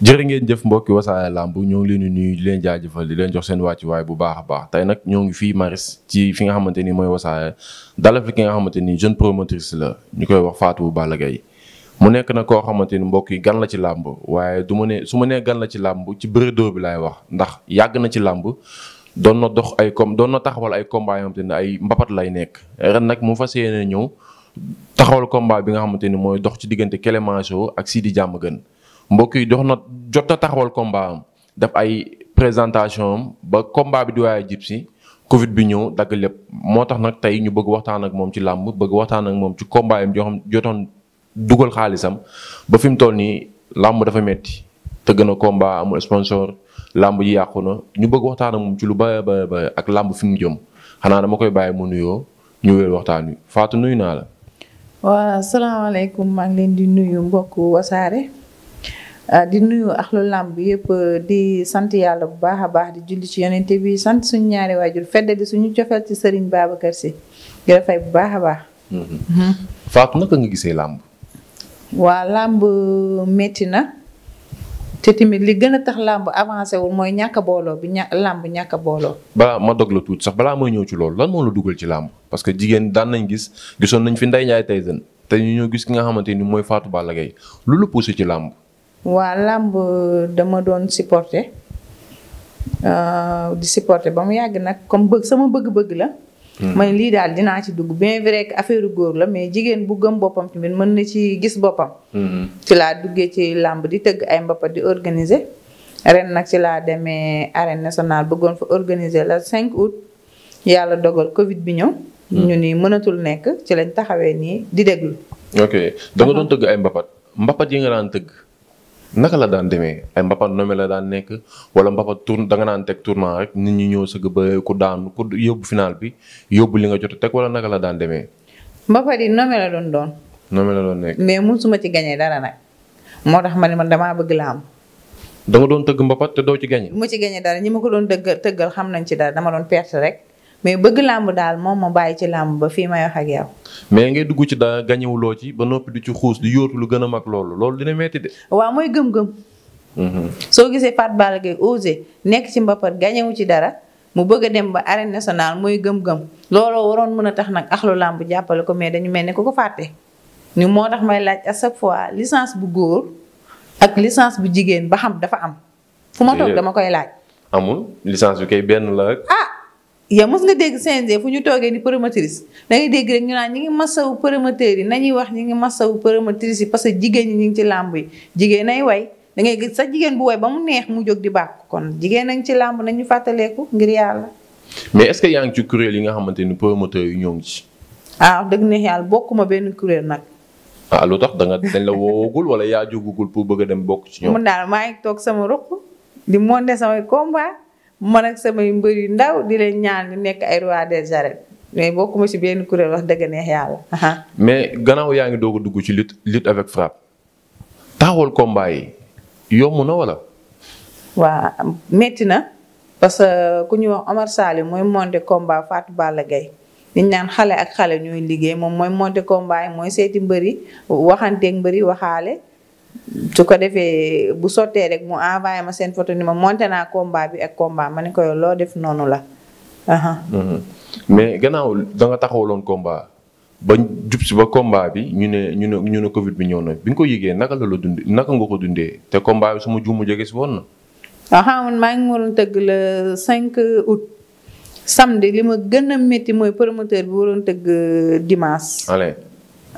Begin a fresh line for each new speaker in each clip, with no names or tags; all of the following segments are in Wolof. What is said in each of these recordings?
jërë ngeen jëf mbokki wasaare làmb ñoo ngi leen di nuyu leen jaajëfal di leen jox seen wàccuwaay bu baax a baax tey nag ñoo ngi fii Maris ci fi nga xamante ni mooy wasaare dalal fi ki nga xamante ni jeune promotrice la ñu koy wax Fatou Balla Gaye mu nekk na koo xamante ni mbokk yi gan la ci làmb waaye du ma ne su ma nee gan la ci làmb ci bëredo bi laay wax ndax yàgg na ci làmb doon na dox ay com doon na taxawal ay combat yoo xamante ni ay mbapat lay nekk ren nag mu fas yéene ñëw taxawal combat bi nga xamante ni mooy dox ci diggante Clémenceau ak sii di Sidi Diamaguène mbokk yi jox na jot a taxawal combat am def ay présentation am ba combat bi di waaye jib si Covid bi ñëw dagg lépp moo tax nag tey ñu bëgg waxtaan ak moom ci làmb bëgg waxtaan ak moom ci combat yam xam jotoon dugal xaalisam ba fi mu toll nii làmb dafa metti te na a combat amul sponsor làmb ji yàqu na ñu bëgg waxtaan ak moom ci lu ba bëri ak làmb fi mu jëm xanaa dama koy bàyyi mu nuyoo ñu wéer waxtaan wi Fatou nuyu naa la.
waaw salaamaaleykum maa ngi leen di nuyu mbokk wasaare. Euh, di nuyu axlu làmb yëpp euh, di sant yàlla bu baax a baax di julli ci yonente bi sant suñu ñaari waajur fedde di suñu cofeel ci sëriñ Babacar si di fay bu baax a baax.
Mm-hmm. Fatou naka nga gisee làmb.
waa làmb euh, métti na te tamit li gën a tax làmb avancé wul mooy ñàkk a bi ña làmb ñàkk booloo.
balaa ma dog la tuuti sax balaa may ñëw ci loolu lan moo la dugal ci làmb parce que jigéen daan nañ gis gisoon nañ fi Ndeye Ndiaye Tyson te ñu ñoo gis ki nga xamante ni mooy Fatou Balla Gaye lu la poussé ci làmb.
waa làmb dama doon supporter euh, di supporter ba mu yàgg nag comme bëgg sama bëgg-bëgg la. Hmm. may lii daal dinaa ci dugg bien vrai que affaire góor la mais jigéen bu gëm boppam tamit mën na ci gis boppam. Hmm. ci laa duggee ci làmb di tëgg ay mbapat di organise ren nag ci laa demee arène nationale bëggoon fa organiser la cinq août yàlla dogal Covid bi ñëw. Hmm. ñu ni mënatul nekk ci lañ taxawee nii di déglu.
ok da doon tëgg ay mbapat mbapat yi nga daan tëgg. naka la daan demee ay mbapat nommé la daan nekk wala mbapat tour danga nga naan teg tournoi rek nit ñi ñëw sëgg ba ku daan ku yóbbu finaal bi yóbbu li nga jot teg wala naka la daan demee.
mbapat yi nommé la doon doon.
nommé la doon nekk.
mais ma ci gañee dara nag moo tax ma ne man damaa bëgg laa am.
da nga doon tëgg mbapat te doo ci gagné.
mu ci gañee dara ñi ma ko doon dëgg tëggal xam nañ ci dara dama doon perte rek. mais bëgg làmb daal moom ma bàyyi ci làmb ba fii may wax ak yow.
mais ngay dugg ci da gañewuloo ci ba noppi du ci xuus di yóotu lu gën a mag loolu loolu dina metti de.
waaw mooy gëm-gëm. Mm-hmm. soo gisee Fatou Balla Gaye osé nekk ci mbappat gañewu ci dara mu bëgg a dem ba arène nationale mooy gëm-gëm looloo waroon mën a tax nag axlu làmb jàppale ko mais dañu mel ni ku ko fàtte. ni moo tax may laaj à chaque fois licence bu góor ak lissance bu jigéen ba xam dafa am. fu ma dama koy laaj.
amul licence bi kay benn
yow mos nga dégg CNG fu ñu toogee ni promotrice da ngay dégg rek ñu naan ñi ngi masawu promoteurs yi nañuy wax ñi ngi masawu promotrice yi parce que jigéen ñi ñu ngi ci làmb yi jigéen ay way da ngay gis sax jigéen bu way ba mu neex mu jóg di bàkk kon jigéen nañ ci làmb nañu fàttaleeku ngir yàlla.
mais est-ce que ci kuréel yi nga xamante ni promoteurs yi ñoo ngi ci.
ah dëgg neex yàlla ma benn kuréel nag.
ah lu tax danga nga dañ la woowagul wala yaa jógagul pour bëgg a dem bokk ci ñoom. mun
maa toog sama ruq man ak samay mbër yu ndaw di leen ñaan ñu nekk ay roi des arènes mais ma si benn kuréel wax dëgg neex yàlla.
mais gannaaw yaa ngi doog a dugg ci lutte lutte avec frappe taxawal combat yi yomb na wala.
waa métti na parce que euh, ku ñu wax Omar Sall mooy monter combat Fatou Balla Gaye niñ naan xale ak xale ñooy liggéey moom mooy monter combat mooy seeti mbëri waxanteeg mbëri waxaale. su ko defee bu sottee rek mu envoyé ma seen photo ni ma monté naa combat bi ak combat ma ne ko yow loo def noonu la.
Mhm. mais gannaaw da nga loon combat ba jub si ba combat bi ñu ne ñu ne ñu ne Covid bi ñëw na bi nga ko yëgee naka la la dund naka nga ko dundee te combat bi su ma juumu jóge si woon na.
waaw xam nga maa ngi waroon tëgg la cinq août samedi li ma gën a métti mooy promoteur bi waroon tëgg dimanche.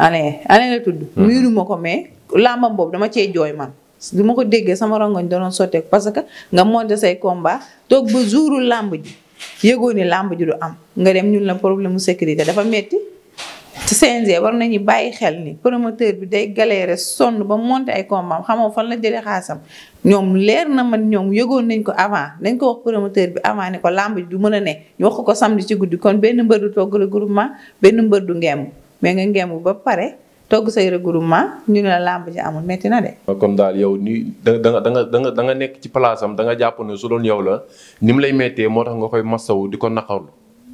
année année la tudd. Hmm. miinuma ko mais làmbam boobu dama cee jooy man. du ma ko déggee sama rongoñ danoon sotteeku parce que nga monté sa combat toog ba jouru làmb ji yëgoo ni làmb ji du am nga dem ñun la problème mu sécurité dafa metti CNG war nañu bàyyi xel ni promoteur bi day galéré sonn ba monté ay combat xamoo fan la jëlee xaasam ñoom leer na man ñoom yëgoon nañ ko avant dañ ko wax promoteur bi avant ne ko làmb ji du mën a ne ñu wax ko samedi ci guddi kon benn mbër du togg regroupement benn mbër du ngemb mais nga ngeemu ba pare togg say regroupement ñu ne la làmb ji amul métti na de.
kon daal yow ni da nga da nga da da nga nekk ci place danga da nga jàpp su doon yow la ni mu lay méttee moo tax nga koy masawu di ko naqarlu.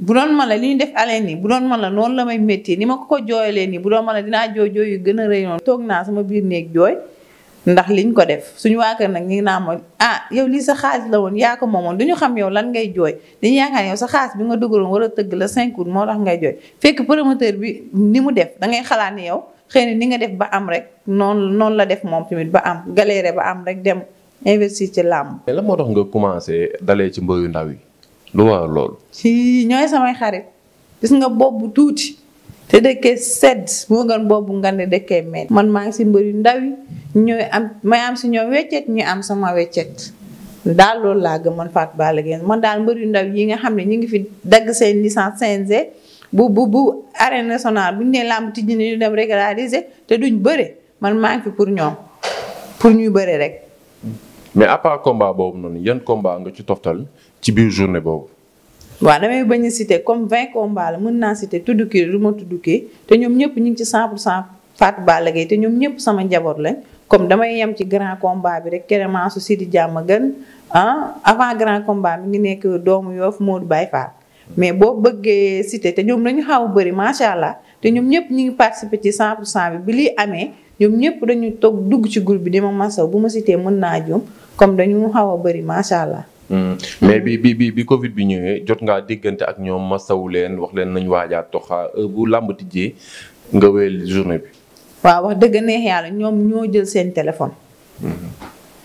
bu doon man la li ñu def aleen nii bu doon man la noonu la may métti ni ma ko ko jooyalee nii bu doon man la dinaa jooy jooy gën a rëy noonu. toog naa sama biir néeg jooy. ndax liñ ko def suñu waa nag nii naa ma ah, yow lii sa xaalis la woon yaa ko moomoon du ñu xam yow lan ngay jooy dañu yaakaar yow sa xaalis bi nga dugaloon war a tëgg la cinq août moo tax ngay jooy fekk promoteur bi ni mu def da ngay yow xëy na ni nga def ba am rek noon noonu la def moom tamit ba am galéré ba am rek dem investir ci làmb.
mais lan moo tax nga commencé dalee ci mbëyu ndaw yi lu war loolu.
ci ñooy samay xarit gis nga bopp bu tuuti. te dëkkee sedd moo gën boobu nga ne dëkkee mel man maa ngi si mbër yu ndaw yi ñooy am may am si ñoom weccet ñu am sama weccet daal loolu laa gëm man Fatou Balla Gaye man daal mbër yu ndaw yi nga xam ne ñu ngi fi dagg seen licence CNG bu bu bu arène nationale bu ñu nee làmb tijji ne ñu dem régulariser te duñ bëre man maa ngi fi pour ñoom pour ñuy bëre rek.
mais à part combat boobu noonu yan combat nga ci toftal ci biir journée boobu.
waaw damay bañ a citer comme 20 combats la mën naa citer tudd kii du ma tudd kii te ñoom ñëpp ñu ngi ci 100 pour 100 Fatou Balla te ñoom ñëpp sama njaboot lañ comme damay yem ci grand combat bi rek Kérémen su Sidi jàmm gën ah avant grand combat mi ngi nekk doomu Yoff Modou Baye Fall mais boo bëggee citer te ñoom dañu xaw a bëri macha allah te ñoom ñëpp ñu ngi participer ci 100 pour bi bi lii amee ñoom ñëpp dañu toog dugg ci gur bi di ma masaw bu ma citer mën naa jum comme dañu xaw a bëri macha allah.
Hmm. mais bi bi bi bi Covid bi ñëwee jot nga déggante ak ñoom masawu leen wax leen nañ waajaat toxa euh, bu làmb tijjee nga wéyal journée bi.
waaw wax dëgg neex yàlla ñoom ñoo jël seen téléphone. Hmm.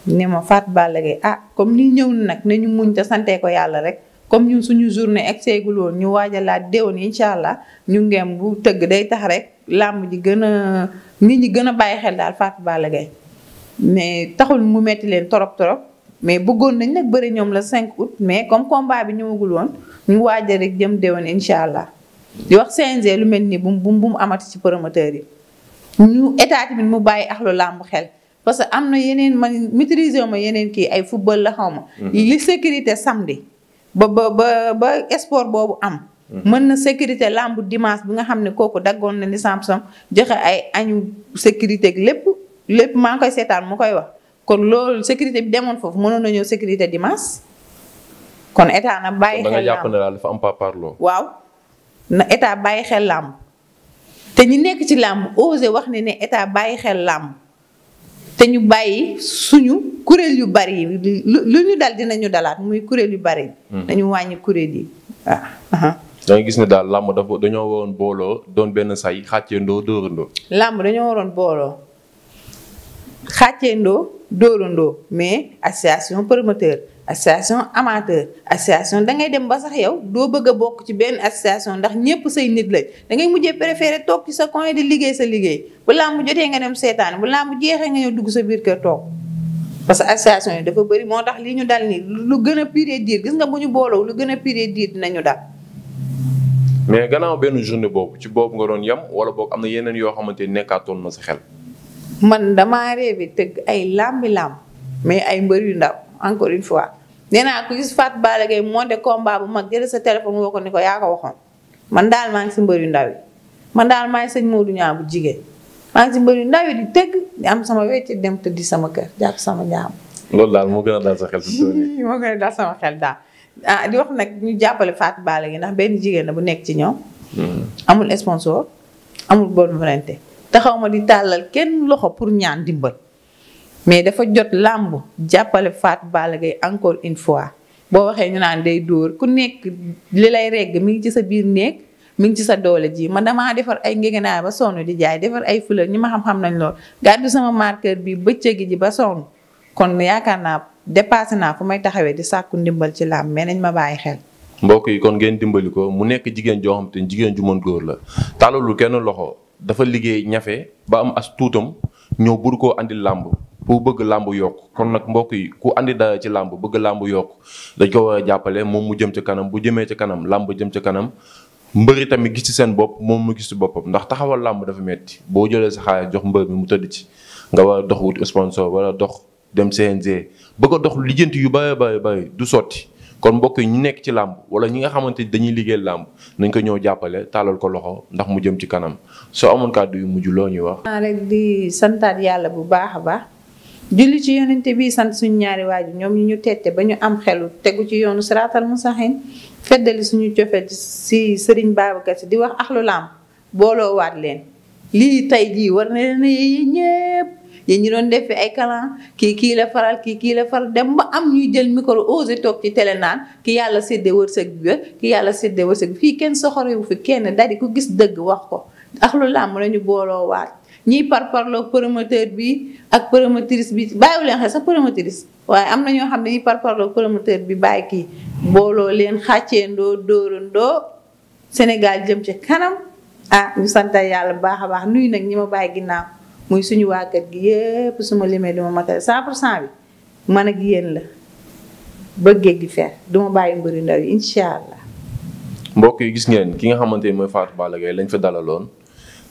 ne ma faat Balla Gaye ah comme ni ñëw nag ñu muñ te santee ko yàlla rek comme ñu suñu journée egg seegul woon ñu waajalaat déwén incha allah ñu ngeem bu tëgg day tax rek làmb ji gën a nit ñi gën a bàyyi xel daal Fatou Balla mais taxul mu metti leen torop torop. mais bëggoon nañ nag bëri ñoom la 5 août mais comme combat bi ñëwagul woon ñu waajal rek jëm déwén incha allah di wax CNG lu mel nii bu mu bu mu amati ci promoteur yi. ñu état tamit mu bàyyi ak lu làmb xel parce que am na yeneen man maîtriser ma yeneen kii ay football la xaw ma. Mm-hmm. li sécurité samedi ba ba ba esport boobu am. Mm-hmm. mën na sécurité làmb dimanche bi nga xam ne kooku daggoon na ni Samson joxe ay añu sécurité lépp lépp maa ngi koy seetaan mu koy wax. kon loolu sécurité bi demoon foofu mënoon nañoo ñëw sécurité di masse kon état na bàyyi xel làmb état bàyyi xel làmb te ñu nekk ci làmb osé wax ne ne état bàyyi xel làmb te ñu bàyyi suñu kuréel yu bari yi lu ñu dal dinañu dalaat muy kuréel yu bari dañu hmm. wàññi kuréel yi
waaw. Ah, da nga gis ne daal làmb dafa dañoo waroon booloo doon benn say xàcceendoo dóorandoo.
làmb dañoo waroon booloo ndoo dóorandoo mais association promoteur association amateur association da ngay dem ba sax yow doo bëgg a bokk ci benn association ndax ñëpp say nit lañ da ngay mujjee préféré toog sa coin di liggéey sa liggéey bu làmb jotee nga seetaan bu làmb jeexee nga dugg sa biir kër toog parce que association yi dafa bëri moo tax lii ñu dal nii lu gën a piree diir gis nga bu ñu booloo lu gën a piree diir dinañu dal.
mais gannaaw benn journée boobu ci boobu nga doon yem wala boog am na yeneen yoo xamante nekkaatoon na sa xel.
man damaa rêvé tëgg ay làmbi làmb mais ay mbër yu ndaw encore une fois nee naa ku gis Fatou Balla Gaye monté combat bu mag jël sa téléphone woo ko ni ko yaa ko waxoon man daal maa ngi si mbër yu ndaw man daal maa ngi sëñ Modou Niang bu jigéen maa mbër yu ndaw yi di di am sama wecce dem tëddi sama kër jàpp sama
loolu daal moo gën a daal sa xel si
sama xel daal ah di wax nag ñu jàppale faat Balla gi ndax benn jigéen la bu nekk ci ñoom. Hmm. amul sponsor amul bonne volonté. taxaw ma di tàllal kenn loxo pour ñaan dimbal mais dafa jot làmb jàppale Fatou Balla Gaye encore une fois boo waxee ñu naan day dóor ku nekk li lay regg mi ngi ci sa biir néeg mi ngi ci sa doole ji man damaa defar ay ngeganaay ba sonn di jaay defar ay fleur ñi ma xam-xam nañ lool gàddu sama marqueur bi bëccëg ji ba sonn kon yaakaar naa dépassé naa fu may taxawee di sàkku ndimbal ci làmb mais nañ ma bàyyi xel.
mbokk yi kon ngeen dimbali ko mu nekk jigéen joo jigéen ju mën góor la tàllalul kenn loxo. dafa liggéey ñafe ba am as tuutam ñëw bur koo indi làmb pour bëgg làmb yokk kon nag mbokk yi ku indi dara ci làmb bëgg làmb yokk dañ koo war a jàppale moom mu jëm ca kanam bu jëmee ca kanam làmb jëm ca kanam mbëri tamit gis ci seen bopp moom mu gis ci boppam ndax taxawal làmb dafa metti boo jëlee sa xaalis jox mbër mi mu tëdd ci nga war a dox wuti sponsor wala dox dem CNG bëgg a dox lijjanti yu bari bari bari du sotti kon mbokk yi ñu nekk ci làmb wala ñi nga xamante ni dañuy liggéey làmb nañ ko ñëw jàppale taalal ko loxo ndax mu jëm ci kanam soo amoon kàddu yu mujj loo ñuy wax.
maa rek di santaat yàlla bu baax a baax. julli ci yonente bi sant suñu ñaari waaju ñoom ñu ñu ba ñu am xelu tegu ci yoonu siraatal musaxin feddali suñu cofet si sëriñ Babacar Si di wax axlu làmb booloo waat leen lii tey jii war na leen a ñépp yéen ñi doon def fi ay kalan kii kii la faral kii kii la faral dem ba am ñuy jël micro osé toog ci télé naan ki yàlla séddee wërsëg bi ki yàlla séddee wërsëg fii kenn soxorewu fi kenn dari ku gis dëgg wax ko ak lu làmb lañu booloo waat par parparloo promoteur bi ak promotrice bi bàyyiwu leen xel waaye am na ñoo xam ne ñiy parparloo promoteur bi bàyyi kii booloo leen xàccee ndoo dóorandoo Sénégal jëm ci kanam ah ñu santa yàlla baax a baax nuyu nag ñi ma bàyyi ginnaaw muy suñu waa kër gi yépp su ma limee li ma matale cent pour cent bi man ak yéen la bëggee gi fer duma bàyyi mbëri ndaw yi incha allah.
mbokk yi gis ngeen ki nga xamante ni mooy Fatou Balla Gaye lañ fa dalaloon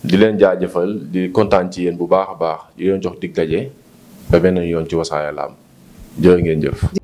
di leen jaajëfal di kontaan ci yéen bu baax a baax di leen jox dig daje ba beneen yoon ci Wassare Lamb jërë ngeen jëf.